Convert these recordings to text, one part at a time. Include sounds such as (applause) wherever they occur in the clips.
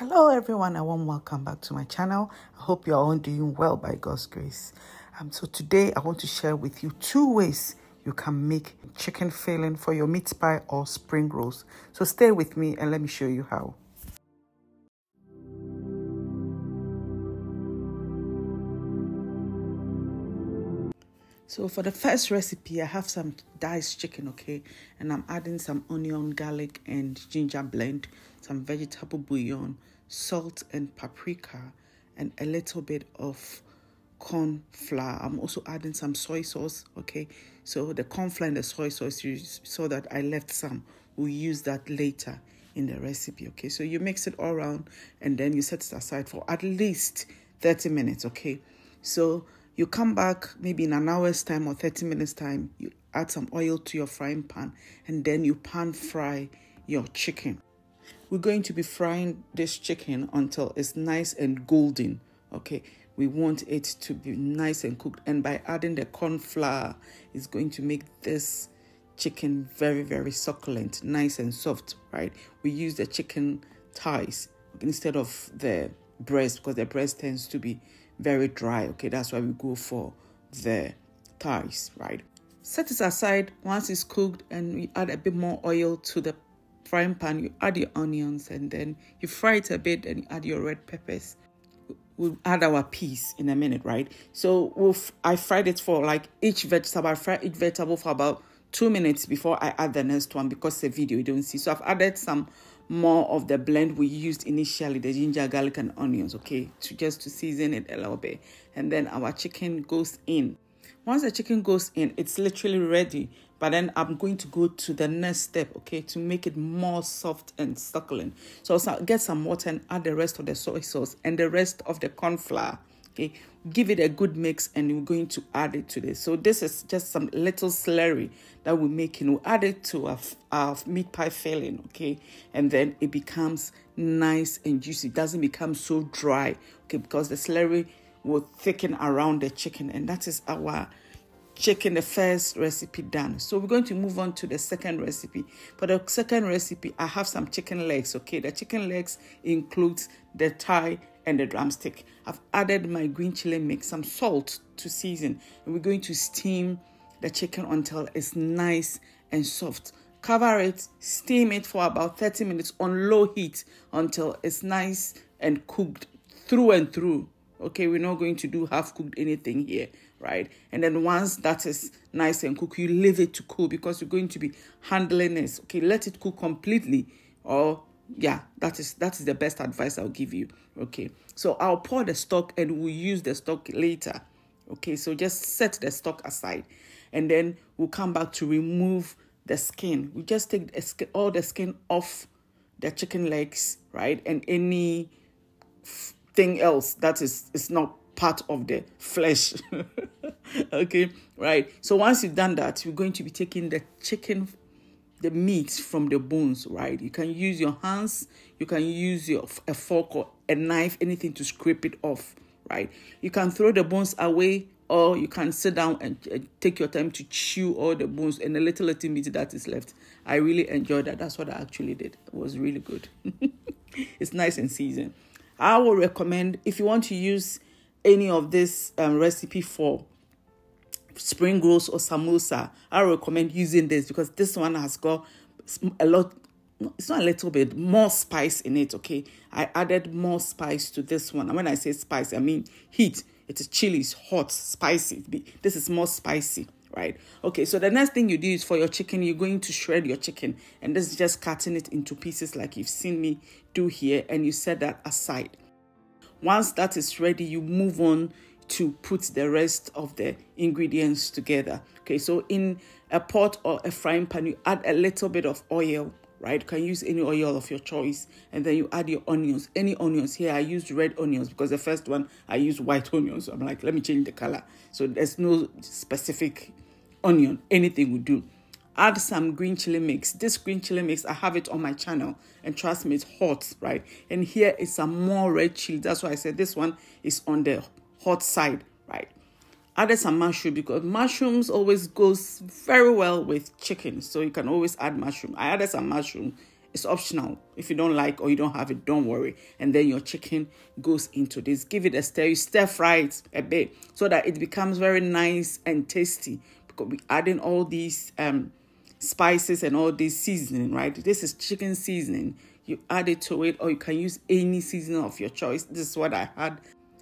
Hello, everyone, and warm welcome back to my channel. I hope you're all doing well by God's grace. Um, so, today I want to share with you two ways you can make chicken filling for your meat pie or spring rolls. So, stay with me and let me show you how. So for the first recipe, I have some diced chicken, okay? And I'm adding some onion, garlic, and ginger blend, some vegetable bouillon, salt and paprika, and a little bit of corn flour. I'm also adding some soy sauce, okay? So the corn flour and the soy sauce, you saw that I left some. We'll use that later in the recipe, okay? So you mix it all around, and then you set it aside for at least 30 minutes, okay? So you come back maybe in an hour's time or 30 minutes time you add some oil to your frying pan and then you pan fry your chicken we're going to be frying this chicken until it's nice and golden okay we want it to be nice and cooked and by adding the corn flour is going to make this chicken very very succulent nice and soft right we use the chicken thighs instead of the breast because the breast tends to be very dry. Okay, that's why we go for the thighs, right? Set it aside once it's cooked and you add a bit more oil to the frying pan. You add your onions and then you fry it a bit and you add your red peppers. We'll add our peas in a minute, right? So we'll I fried it for like each vegetable. I fried each vegetable for about two minutes before I add the next one because the video you don't see. So I've added some more of the blend we used initially, the ginger, garlic, and onions, okay, to just to season it a little bit. And then our chicken goes in. Once the chicken goes in, it's literally ready. But then I'm going to go to the next step, okay, to make it more soft and succulent. So, so get some water and add the rest of the soy sauce and the rest of the corn flour okay give it a good mix and we're going to add it to this so this is just some little slurry that we are making. we add it to our, our meat pie filling okay and then it becomes nice and juicy it doesn't become so dry okay because the slurry will thicken around the chicken and that is our chicken the first recipe done so we're going to move on to the second recipe for the second recipe i have some chicken legs okay the chicken legs includes the thigh and a drumstick. I've added my green chili mix, some salt to season, and we're going to steam the chicken until it's nice and soft. Cover it, steam it for about 30 minutes on low heat until it's nice and cooked through and through. Okay, we're not going to do half cooked anything here, right? And then once that is nice and cooked, you leave it to cool because you're going to be handling this. Okay, let it cook completely or yeah that is that is the best advice i'll give you okay so i'll pour the stock and we'll use the stock later okay so just set the stock aside and then we'll come back to remove the skin we just take all the skin off the chicken legs right and any thing else that is is not part of the flesh (laughs) okay right so once you've done that you're going to be taking the chicken the meat from the bones, right? You can use your hands, you can use your a fork or a knife, anything to scrape it off, right? You can throw the bones away or you can sit down and, take your time to chew all the bones and the little little meat that is left. I really enjoyed that. That's what I actually did. It was really good. (laughs) it's nice and seasoned. I will recommend if you want to use any of this um, recipe for spring rolls or samosa, I recommend using this because this one has got a lot it's not a little bit more spice in it okay i added more spice to this one and when i say spice i mean heat it's chili it's hot spicy this is more spicy right okay so the next thing you do is for your chicken you're going to shred your chicken and this is just cutting it into pieces like you've seen me do here and you set that aside once that is ready you move on to put the rest of the ingredients together. Okay, so in a pot or a frying pan, you add a little bit of oil, right? You can use any oil of your choice, and then you add your onions. Any onions here, I used red onions because the first one I used white onions. So I'm like, let me change the color. So there's no specific onion, anything would do add some green chili mix. This green chili mix, I have it on my channel, and trust me, it's hot, right? And here is some more red chili. That's why I said this one is on the hot side, right? Added some mushroom because mushrooms always goes very well with chicken, so you can always add mushroom. I added some mushroom. It's optional. If you don't like or you don't have it, don't worry. And then your chicken goes into this. Give it a stir. You stir fry it a bit so that it becomes very nice and tasty. Because we adding all these um, spices and all this seasoning, right? This is chicken seasoning. You add it to it, or you can use any seasoning of your choice. This is what I had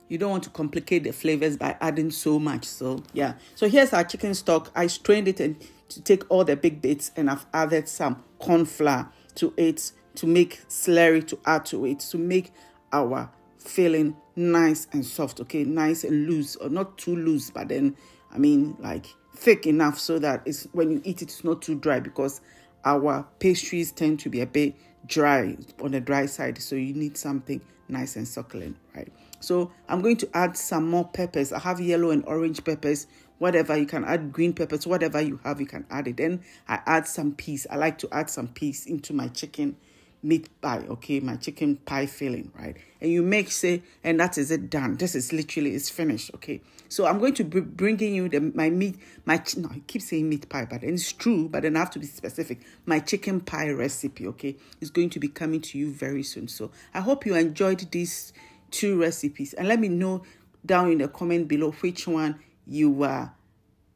you don't want to complicate the flavors by adding so much. So yeah. So here's our chicken stock. I strained it and to take all the big bits and I've added some corn flour to it to make slurry to add to it to make our filling nice and soft. Okay, nice and loose or not too loose, but then I mean like thick enough so that it's when you eat it, it's not too dry because our pastries tend to be a bit dry on the dry side. So you need something nice and succulent, right? So I'm going to add some more peppers. I have yellow and orange peppers, whatever you can add, green peppers, whatever you have, you can add it. Then I add some peas. I like to add some peas into my chicken meat pie, okay, my chicken pie filling, right? And you make say, and that is it done. This is literally it's finished, okay. So I'm going to be bringing you the my meat, my no, I keep saying meat pie, but it's true, but then I have to be specific. My chicken pie recipe, okay, is going to be coming to you very soon. So I hope you enjoyed these two recipes, and let me know down in the comment below which one you were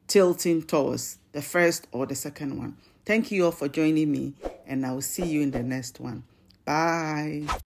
tilting towards, the first or the second one. Thank you all for joining me, and I will see you in the next one. Bye.